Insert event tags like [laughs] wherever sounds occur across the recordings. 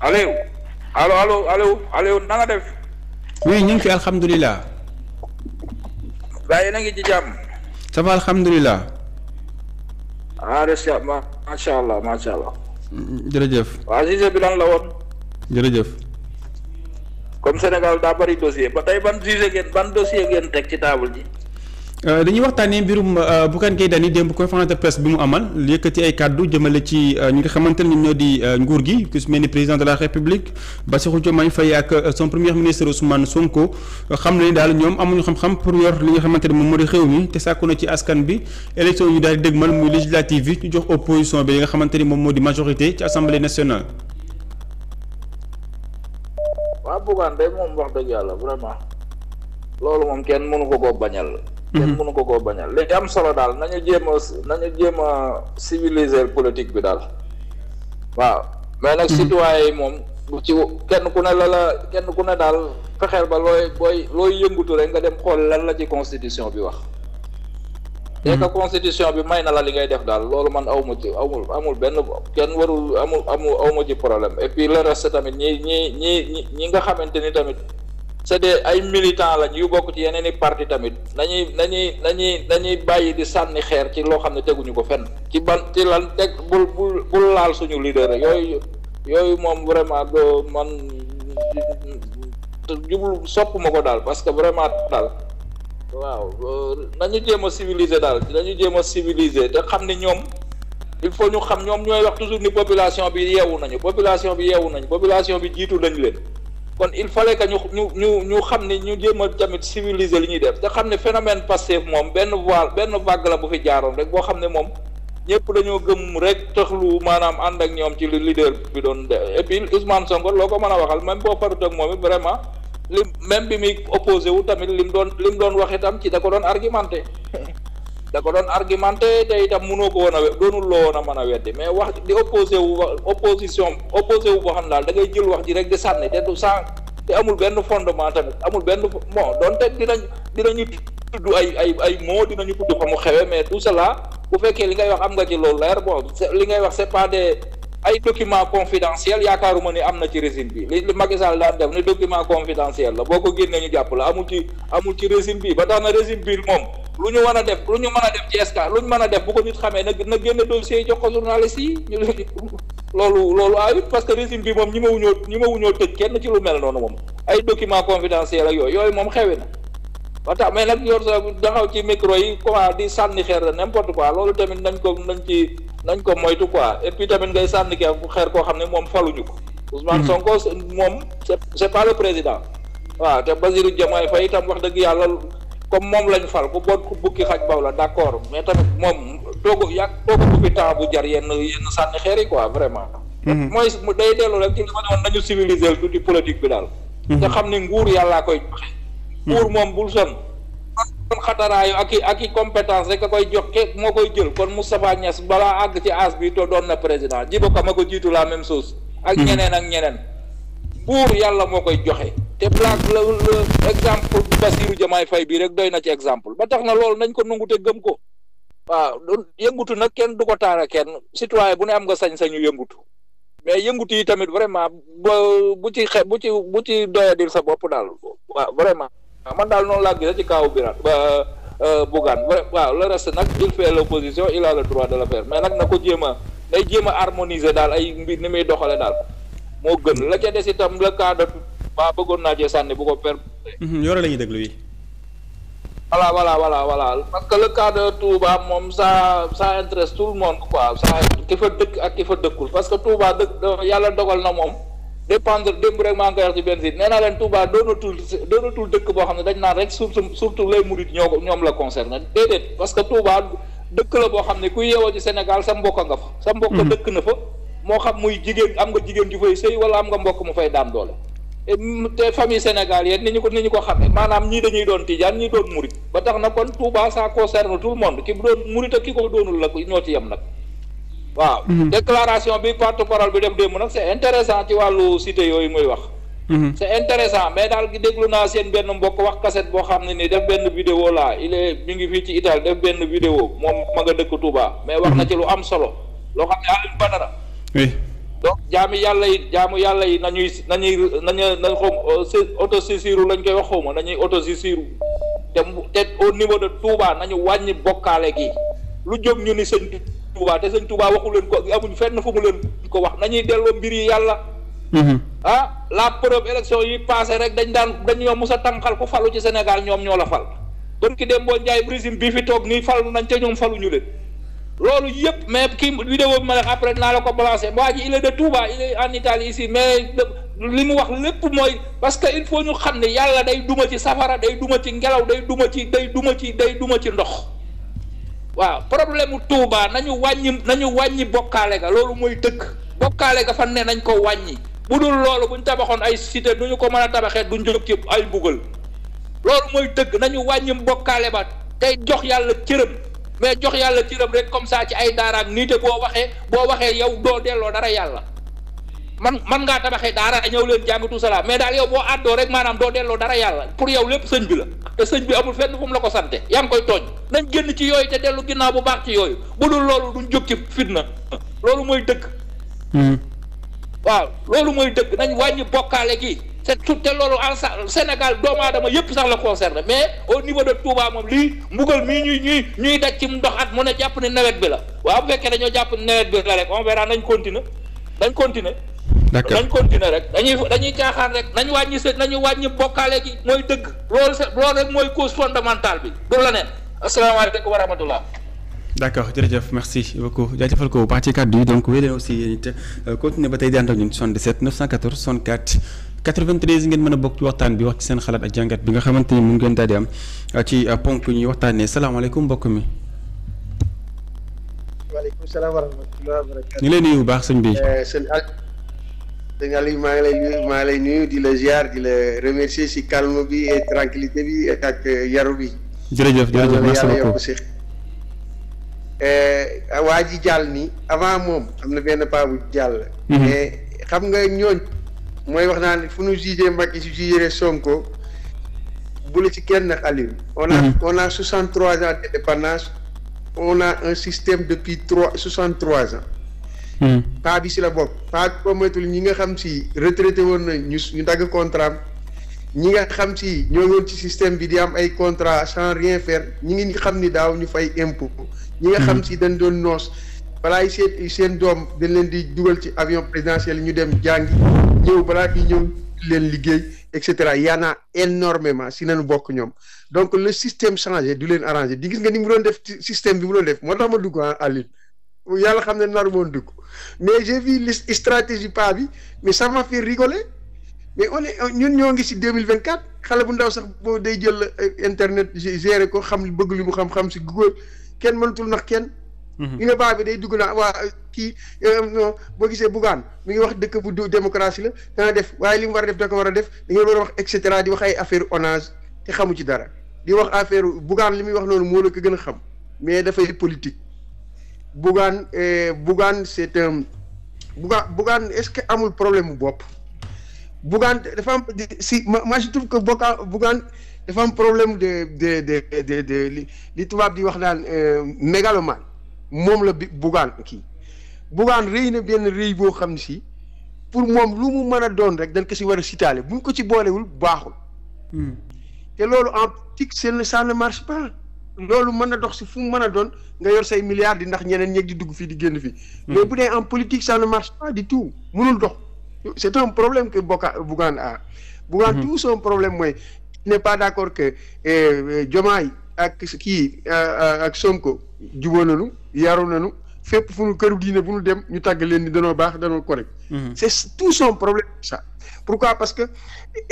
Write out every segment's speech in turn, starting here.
Aliou alo alo allo Aliou na nga def. oui ñu fi alhamdulilah. waaye na ngi ci jàmm. ça va alhamdulilah. ah des na ma macha allah macha allah. jërëjëf. waa Cissé bi la woon. jërëjëf. comme Sénégal daa bari dossier ba tey ban Cissé ngeen ban dossier ngeen teg ci taabul ji. Euh, dañuy waxtaanee mbirum euh, Bougane Gueye Dany démb conférence de presse bi mu amal yëkkati ay kàddu jëmale ci euh, ñi nga xamante ne ñoom ñoo di nguur gi ku su mel ni président de la république Bassirou Diomaye Faye ak son premier ministre Ousmane Sonko xam na ni daal ñoom amuñu xam-xam pour yor li nga xamante ne moom moo di xew mi te sàkku na ci askan bi élection yu daal di dégmal muy législative bi ñu jox opposition bi li nga xamante ni moom moo di majorité ci assemblée nationale. waaw Bougane day moom wax dëgg yàlla vraiment loolu moom kenn mënu ko bañal. kenn mhm. mënu ko koo bañal léegi am solo daal nañu jéem a nañu jéem a civiliser politique bi daal waaw mais nag mhm. citoyen yi moom bu ci kenn ku ne la la kenn ku ne daal fexeel ba looy booy looy yëngutu rek nga dem xool lan la ci constitution bi wax dès mhm. que constitution bi may na la li ngay def daal loolu man aw ma ci amul amul benn kenn warul amul amul aw ma ci problème et puis le reste tamit ñi ñi ñi ñi nga xamante ni tamit c'est des ay militants lañ yu bokk ci yeneen i parti tamit nañuy nañuy nañuy nañuy bàyyi di sànni xeer ci loo xam ne teguñu ko fen ci ban ci lan teg bul bul bul laal suñu leader rek yooyu yooyu moom vraiment doo man jublu sopp ma ko daal parce que vraiment daal waaw euh, nañu jéem a civiliser daal nañu jéem a civiliser te xam ni ñoom il faut ñu xam ñoom ñooy wax toujours ni population bi yeewu nañu population bi yeewu nañu population bi jiitu nañ leen kon il fallait que ñu ñu ñu ñu xam ni ñu jéem a tamit civiliser li ñuy def te xam ne phénomène passif moom benn voie benn vague la bu fi jaaroon rek boo xam ne moom ñëpp dañoo gëm rek lu maanaam ànd ak ñoom ci li leader bi doon et puis Ousmane loo ko mën a waxal même boo farut ak moom it vraiment lim même bi muy opposé wu tamit li lim doon lim doon wax itam ci da ko doon argumenté. da ko doon argumenté te itam mënoo ko woon a doonul loo woon a mën a weddi mais wax di opposé wu opposition opposé wu boo xam daal da ngay jël wax ji rek di sànni te du sànq te amul benn fondement tamit amul benn bon donte dinañ dinañu tudd ay ay ay mots dinañu tudd fa mu xewee mais tout cela bu fekkee li ngay wax am nga ci loolu leer bon li ngay wax c'est pas des ay document confidentiel yaakaaruma ni am na ci régime bi li Macky Sall daan def ni document confidentiel la boo ko génnee ñu jàpp la amul ci amul ci régime bi ba tax na régime bi moom lu ñu war a def lu ñu mën a def ci SK lu ñu mën a def bu ko nit xamee na na génn dossier yi jox ko journaliste yi ñu [laughs] loolu loolu ayut parce que régime bi moom ñi ma wuñoo ñi ma wuñoo tëj kenn ci lu mel noonu moom ay document confidentiel ak yooyu yooyu moom xewi na ba nag yor sa daxaw ci micro yi comment di sànni xeer la n'importe quoi loolu tamit nañ ko nañ ci nañ ko moytu quoi et puis tamit ngay sànni xeer koo xam ne moom faluñu ko. Ousmane hmm. Sonko moom c'est wax dëgg yàlla. comme moom lañ fal ku bon ku bukki xaj baw la d' accord mais tamit moom toogu yàgg toogu bu fi temps bu jar yenn yenn sànni xeer yi quoi vraiment. Mhm. mooy day dellu rek ci li ma ne woon nañu civiliser tuuti politique bi daal. te mhm. xam ni nguur yàlla koy joxe. Mhm. nguur moom bul sonn. kon xataraayu ak i ak i compétence rek a koy jox ke eh, moo koy jël kon Moustapha ñas balaa àgg ci as bi to doon na président Djibo Ka a ko jiitu la même chose. ak ñeneen ak ñeneen. nguur yàlla moo koy joxe. te plaque la exemple Bassirou Diomaye Faye bii rek doy na ci exemple ba tax na loolu nañ ko nangu te gëm ko waaw yëngutu nag kenn du ko taara kenn citoyen bu ne am nga sañ-sañu yëngutu mais yëngutu yi tamit vraiment bu ci xe bu ci bu ci doyadil sa bopp daal waaw vraiment man daal noonu laa gis ci kaawu Birane ba euh, Bougane waaw le reste nag il fait l'opposition il a le droit de le faire mais nag na ko jéem a day jéem a harmoniser daal ay mbir ni muy doxale daal moo gën la ca des itam le waa bëggoon naa cee sànni bu ko per. Mhm, yore la ñuy déglu yi. voilà voilà voilà voilà parce que le cas de moom ça ça intéresse tout le dëkk ak ki fa dëkkul parce que Touba dëkk yàlla dogal na moom dépendre démb rek maa ngi koy nee naa leen Touba doonatul doonatul dëkk boo xam ne dañ naan rek surtout surtout lay murit ñoo ko ñoom la concerné déedéet parce que Touba dëkk la boo xam ne kuy yeewoo ci Sénégal sa mbokk nga fa. sa mbokk mhm. dëkk na fa moo xam muy jigéen am nga jigéen ju fay sëy wala am nga mbokk mu fay daan doole. te famille sénégal yéen ni ñu ko ni ñu ko xamee maanaam ñii dañuy doon tijaan ñii doon murit ba tax na kon Touba ça concerne tout le monde ki bu doon murit ak ki ko doonul la ñoo ci nag waaw mhm. déclaration bi porte-parole bi def démb nag c'est intéressant ci wàllu cité yooyu muy wax mhm. c'est intéressant mais daal gi déglu naa seen benn mbokk wax cassette boo xam ne nii def benn vidéo laa il est ngi fii ci Italie def benn vidéo moom ma nga dëkk Touba mais wax na ci lu am solo loo xam donc jaami yàlla yi jaamu yàlla yi nañuy nañuy nañu na ñuy oto autosaisiru lañ koy wax xaw ma nañuy autosaisiru te te au niveau de Touba nañu wàññi bokkaale gi lu jóg ñu ni sëñ Touba te sëñ Touba waxu leen ko amuñ fenn fu mu leen ko wax na ñuy delloo mbir yi yàlla mm-hmm. ah la preuve élection yi passé rek dañ daan dañoo mus a tànqal ku falu ci Sénégal ñoom ñoo la fal bërki dem boo njaay Brésil bii fi toog nii falu nañ te ñoom faluñu leen loolu yëpp mais kii vidéo bi ma def après naa la ko balancer waa ji il est de Touba il est en Italie ici mais li mu wax lépp mooy parce que il faut ñu xam ne yàlla day duma ci safara day duma ci ngelaw day duma ci day duma ci day duma ci ndox waaw problème mu na ñu wàññi nañu wàññi bokkaale ga loolu mooy dëkk bokkaale ga fan ne nañ ko wàññi bu dul loolu bu ñu tabaxoon ay cité du ñu ko mën a tabaxee duñ jóg ci ay mbugal loolu mooy dëgg nañu wàññi bokkaale ba tey jox yàlla cërëm. mais jox yàlla cëram rek comme ça ci ay daaraak niite boo waxee boo waxee yow doo delloo dara yàlla man man ngaa tabaxee daara ñëw leen jàngatu salaam mais daal yow boo àddoo rek maanaam doo delloo dara yàlla pour yow lépp sëñ bi la te sëñ bi amul fenn fu la ko sante yaa ngi koy tooñ nañ génn ci yooyu te dellu ginnaaw bu baax ci yooyu bu dul loolu duñ jóg ci fitna loolu mooy dëgg hmm. waaw loolu mooy dëgg nañ wàññi bokkaale gi te tout te loolu en Sénégal doomu aadama yëpp sax la concerné mais au niveau de Touba moom lii mbugal mii ñuy ñuy ñuy daj ci ndox at mun a jàpp ne nawet bi la waaw bu fekkee dañoo jàpp ne nawet bi la rek on verra nañ continuer dañ continuer d'accord dañ continuer rek dañuy dañuy caaxaan rek nañ wàññi sa nañu wàññi bokkaale gi mooy dëgg loolu sa loolu rek mooy cause fondamentale bi du la neen asalaamaaleykum wa rahmatullah d' accord jërëjëf merci beaucoup jaajëfal ko bu baax ci kàddu yi donc wéy leen aussi yéen it euh, continuer ba tey di ànd ak ñun 77 914 64 93 ngeen mën a bokk ci waxtaan bi wax ci seen xalaat ak jàngat bi nga xamante ni mu ngeen daal di am euh, ci euh, ponk ñuy waxtaanee salaamaaleykum mbokk mi. waaleykum salaam ñu ngi lay bu baax sëñ bi. sëñ Aliou maa ngi lay nuyu maa ngi lay nuyu di la ziar di la remercier si calme bi et tranquillité bi ak yaru bi. jërëjëf jërëjëf merci beaucoup Eh, waa ji jàll ni avant moom am na benn paa bu jàll. Mhm. mais xam nga ñooñ mooy wax naa ne fu ñu mag Macky si jugee Sonko bu la ci kenn Aliou. on a mhm. on a soixante trois ans d'indépendance on un système depuis trois soixante trois ans. Mhm. paa bi si la bokk paa bi moytul ñi nga xam si retraité woon na ñu ñu dagg contrat ñi nga xam si ñoo woon ci système bi di am ay contrat sans rien faire ñi ngi xam ni daaw ñu fay impôt ñi nga xam si hmm. dañ doon noos balaa seen seen doom dañ leen di dugal ci avion présidentiel ñu dem jàngi ñëw balaa bi ñëw leen liggéey et cetera y en a énormément si nañu bokk ñoom donc le système changé du leen arrangé di gis nga ni mu doon def système bi mu doon def moo tax ma dugg à ah, yàlla xam ne naru moon dugg mais j'ai vu les stratégie pas bi mais ça m'a fait rigoler mais on est ñun ñoo ngi si deux mille vingt quatre xale bu ndaw sax boo day jël internet gérer ko xam bëgg li mu xam-xam si Google kenn mënatul nax kenn. li nga baa bi day dugg naa waa kii euh, boo gisee Bougane mu ngi wax dëkk bu démocratie la dana def waaye li mu war a def da ko war a def da ngeen war a wax et cetera di wax ay affaire onage xamu ci dara di wax affaire Bougane li muy wax noonu moo la ko gën a xam mais dafay politique Bougane euh, Bougane c'est un Bougane est-ce que amul problème mu bopp Bougane dafa am si dafa problème de de de de li tubaab di wax daan euh, mégalomane moom la bi bugaan kii bugaan rëy na benn rëy boo xam ne si pour moom lu mu mën a doon rek dañ ko si war a sitaale buñ ko ci boolewul baaxul. Hmm. te loolu en tic seen ça ne marche pas. loolu mën na dox si fu mu mën a doon nga yor say milliards di ndax ñeneen ñeeg di dugg fii di génn fii. Hmm. mais bu dee en politique ça ne marche pas du tout mënul dox. c' est un problème que Boka Bougane a. Bougane hmm. tout son problème mooy n'est pas d'accord que eh, eh, Diomaye ak kii eh, ak Sonko jubóo nañu yaru nañu fépp fu nu këru diine bu nu dem ñu tàgg leen ni danoo baax danoo correct mm-hmm. c'est tout son problème pour pourquoi parce que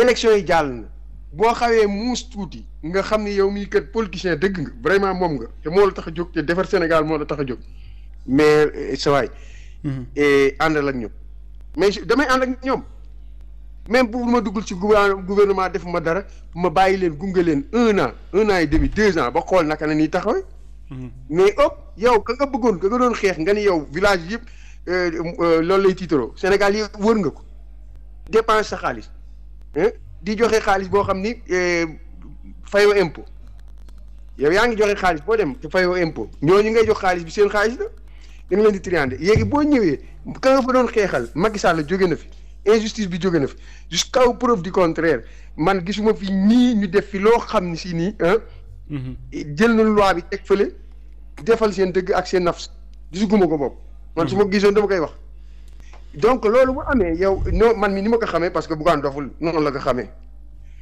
élection yi jàll na boo xawee muus tuuti nga xam ni yow mii kat politicien dëgg nga vraiment moom nga te moo la tax a jóg te defar Sénégal moo la tax a jóg mais sa waay mm-hmm. àndal ak ñoom mais damay ànd ak ñoom même bu ma duggul ci gouvernement def ma dara ma bàyyi leen gunge leen un an un an et demi deux ans ba xool naka la ñuy taxawee. Mm-hmm. mais ëpp yow ka nga bëggoon ka nga doon xeex nga ni yow village yëpp euh, euh, loolu lay tiitaroo Sénégal yi wër nga ko dépense sa xaalis di joxe xaalis boo xam ni euh, fayoo impôt yow yaa ngi joxe xaalis boo dem te fayoo impôt ñooñu ngay jox xaalis bi seen xaalis la da nga leen di triander léegi boo ñëwee ka nga fa doon xeexal Macky Sall jóge na fi. injustice bi jóge na fi jusqu'à preuve du contraire man gisuma fi nii ñu def fi loo xam ne si nii mhm. jël na loi bi teg fële defal seen dëgg ak seen nafs gisuguma ko bopp man su ma gisoon dama koy wax donc loolu bu amee yow non man mi ni ma ko xamee parce que Bougane doful noonu la ko xamee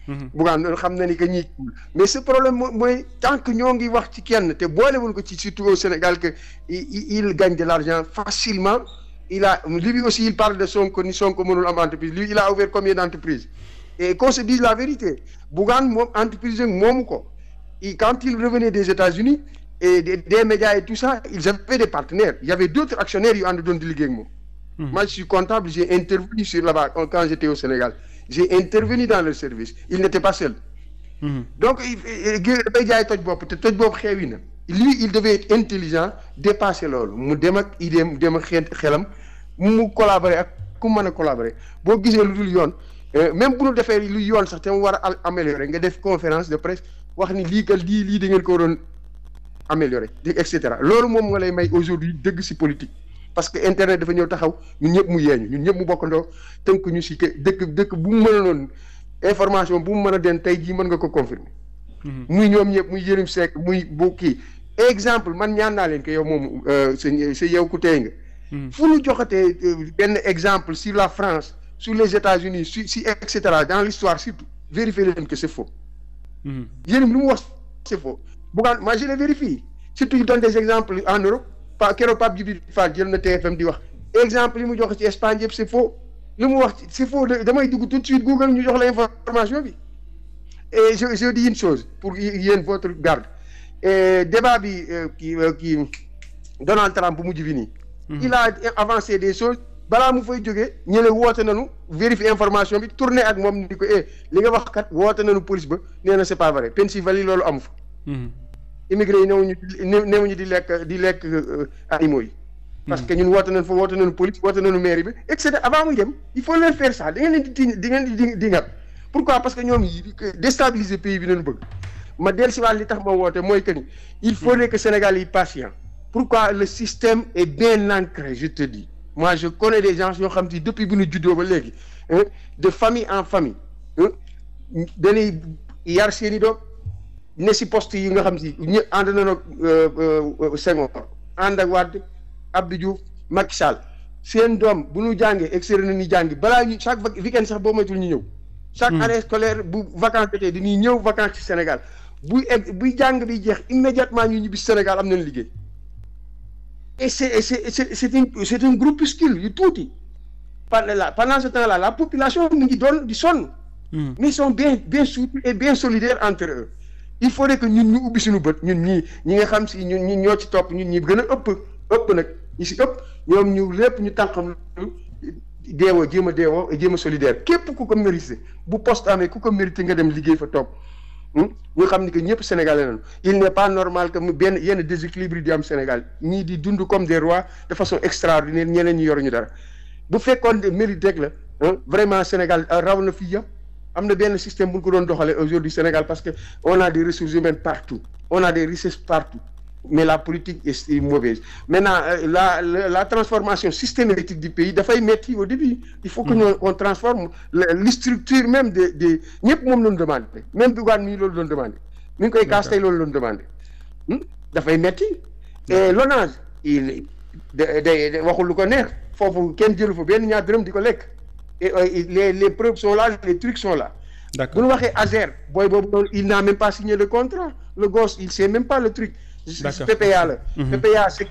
mhm. Bougane xam na ni que ñii mais ce problème mooy tant que ñoo ngi wax ci kenn te boolewul ko ci surtout au Sénégal que il gagne de l'argent facilement il a lui aussi il parle de son ni Sonko entreprise il a ouvert combien d'entreprises et qu'on se dise la vérité Bougane moom entreprise moomu ko et quand il revenait des États-Unis et des, des médias et tout ça ils avaient des partenaires il y avait d'autres actionnaires yu ànd doon di liggéey ak moom moi je suis comptable j'ai intervenu sur là-bas quand j'étais au Sénégal j'ai intervenu dans leur service ils n'étaient pas seuls donc il jaay toj bopp te toj bopp xeewi na lii il devait être intelligent dépasser loolu mu dem ak idéem dem ak xeet xelam mu collaborer ak ku mën a collaborer boo gisee lu dul yoon euh, même bu ñu defee lu yoon sax te mu war a améliorer nga def conférence de presse wax ni lii kat lii lii da ngeen ko doon améliorer et cetera loolu moom nga lay may aujourd'hui dëgg si politique. parce que internet dafa ñëw taxaw ñun ñëpp mu yeeñu ñun ñëpp mu bokkandoo tënk ñu ci dëkk dëkk bu mu mënoon information bu mu mën a den tey jii mën nga ko confirmer. Mm-hmm. muy ñoom ñëpp muy Yérim Seck muy bu kii exemple man ñaan naa leen que yow moom euh, sëñ si ku tey nga. Hmm. fu ñu joxatee euh, benn exemple sur la France sur les États-Unis sur si et cetera dans l'histoire surtout vérifier leen que c'est faux. Hmm. yéen lu mu wax c'est faux. Bougane moi je le vérifie surtout je donne des exemples en Europe pa keroog Pape Djibril Fall jël na TFM di wax exemple yi mu jox ci Espagne yëpp c'est faux li mu wax c'est faux dugg tout de suite Google ñu jox la information bi et je je une chose pour yéen votre garde. débat bi kii kii Donald Trump bu mujj bi nii. il a avancé des choses balaa mu fay jógee ñu woote na nu vérifier information bi tourné ak moom di ko li nga wax kat woote nañu police ba nee na c'est pas vrai Pennsylvanie loolu amu fa. immigré yi ñu newuñu newuñu di lekk di lekk animaux yi. parce que ñun woote nañu fa woote nañu police woote nañu mairie bi et cetera avant muy dem il faut leur faire ça da leen di di di di pourquoi parce que ñoom déstabiliser pays bi nañu ma si dellusiwaat li tax ma woote mooy que ni il faudrait hmm. que Sénégal yi patient pourquoi le système est bien ancré je te dis moi je connais des gens yoo xam ne depuis bu ñu juddoo ba léegi de famille en famille dañuy yar seeni i doom ne si poste yi nga xam si ñu ànd nañu ak euh, euh, Senghor ànd ak Wade Abdou Diouf seen doom bu ñu jàngee externe na ñu jàngi balaa ñu chaque weekend sax boo moytul ñu ñëw chaque hmm. année scolaire bu vacances jotee dañuy ñëw vacances ci Sénégal buy egg buy jàng bi jeex immédiatement ñu ñibbi si Sénégal am nañ liggéey et c'est c'est c'est un c'est un groupuscule yu tuuti pendant ce temps-là la population mu ngi doon di sonn hmm. mais ils sont bien bien soutenus et bien solidaires entre eux il faudrait que ñun ñu ubbi si suñu bët ñun ñii ñi nga xam si ñun ñi ñoo ci topp ñun ñi gën a ëpp ëpp nag ñi si ëpp ñoom ñu lépp ñu tànqam deewoo jéem a deewoo jéem a solidaire képp ku ko mérité bu poste amee ku ko mérité nga dem liggéey fa topp Hmm? ñu xam ni que ñëpp sénégalais lañu il n'est pas normal que benn yenn déséquilibre di am Sénégal ñii di dund comme des rois de façon extraordinaire ñeneen ñi yoruñu dara bu fekkoon ne mérite rek la vraiment Sénégal euh, raw na fii yëpp am na benn système bu ñu ko doon doxalee aujourd'hui Sénégal parce que on a des ressources humaines partout on a des richesses partout mais la politique est mauvaise maintenant euh, la la, la transformation systématique du pays dafay metti au début il faut que ñu mm. on transforme les structures même des des ñëpp moom loonu demandé même Bougane mii loolu doon demandé mi ngi koy kaas tey loolu doon hmm? dafay metti et l'ONAS il day waxul lu ko neex foofu kenn jëlu fa benn ñaar dërëm di ko lekk et euh, les les preuves sont là les trucs sont là bu ñu waxee ASER booy boobu noonu il n'a même pas signé le contrat le gosse il sait même pas le truc PPA la mhm. PPA le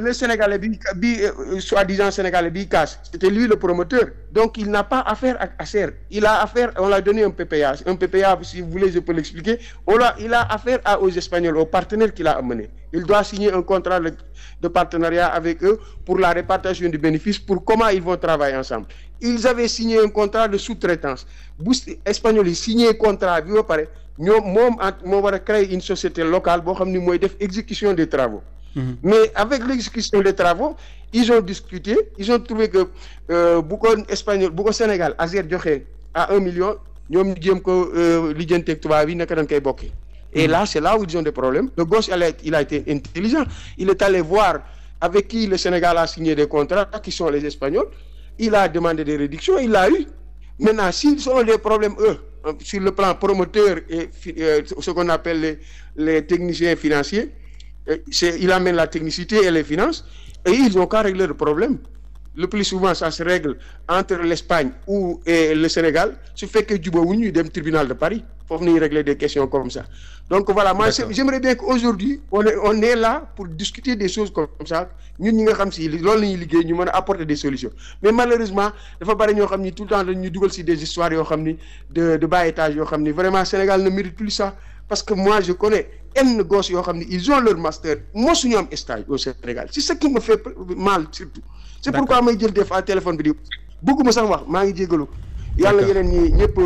le sénégalais bi bi euh, euh, soi-disant sénégalais bi casse c'était lui le promoteur donc il n'a pas affaire ak ASER il a affaire on l'a donné un PPA un si vous voulez je peux l'expliquer il a affaire à aux Espagnols aux partenaires qu'il a amené il doit signer un contrat de partenariat avec eux pour la répartition du bénéfice pour comment ils vont travailler ensemble ils avaient signé un contrat de sous-traitance bu Espagnols yi signé contrat bi ba pare ñoom moom ak moo war a créer une société locale boo xam ni mooy def exécution des travaux Mmh. Mais avec l'exécution des travaux, ils ont discuté, ils ont trouvé que euh, beaucoup espagnol, beaucoup Sénégal, Azer Diokhé, à 1 million, ñom ñu ko euh, li jënté tuba bi naka dañ koy bokké. Et là, c'est là où ils ont des problèmes. Le gauche il a, il été intelligent, il est allé voir avec qui le Sénégal a signé des contrats qui sont les espagnols. Il a demandé des réductions, il l'a eu. Maintenant, s'ils des problèmes Euh, sur le plan promoteur et euh, ce qu'on appelle les, les, techniciens financiers, euh, il amène la technicité et les finances, et ils n'ont qu'à régler le problème. le plus souvent ça se règle entre l'Espagne ou eh, le Sénégal su fekkee jubóowuñ ñuy dem tribunal de Paris foofu ñuy régler des questions comme ça donc voilà moi j'aimerais bien qu'aujourd'hui on est on est là pour discuter des choses comme ça ñun ñi nga xam si loolu la ñuy liggéey ñu mën a apporter des solutions mais malheureusement dafa bari ñoo xam ni tout le temps dañuy dugal si des histoires yoo xam ni de de bas étage yoo xam ni vraiment Sénégal ne mérite plus ça parce que moi yoo xam ni ils ont leur master mosuñu am stage au c'est pourquoi may jël des fois téléphone bi di bëgguma sax wax maa ngi jégalu yàlla yeneen ñi ñëpp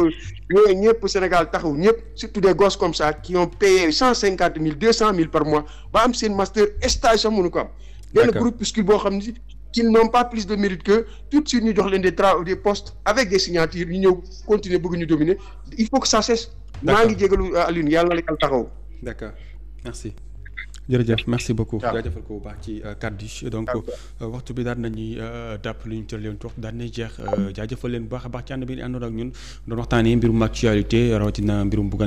ñëpp Sénégal taxaw ñëpp surtout des gosses comme ça qui ont payé cent cinquante mille deux cent mille par mois ba am seen master stage sax mënu ko am benn groupuscule boo xam ni qu'ils n'ont pas plus de mérite que tout de ñu jox leen des tra des postes avec des signatures ñu ñëw continuer bëgg ñu dominer il faut que ça cesse maa ngi jégalu Alioune yàlla na la taxaw d'accord jërëjëf merci beaucoup jaajëfal ko bu baax ci euh, kàddu yi donc euh, waxtu bi daan nañuy euh, dàpp lu ñu tër leen waxtu daan nañ jeex jaajëfal leen bu baax a baax ci ànd bi àndoon ak ñun doon waxtaanee mbirum actualité rawatina mbirum bugga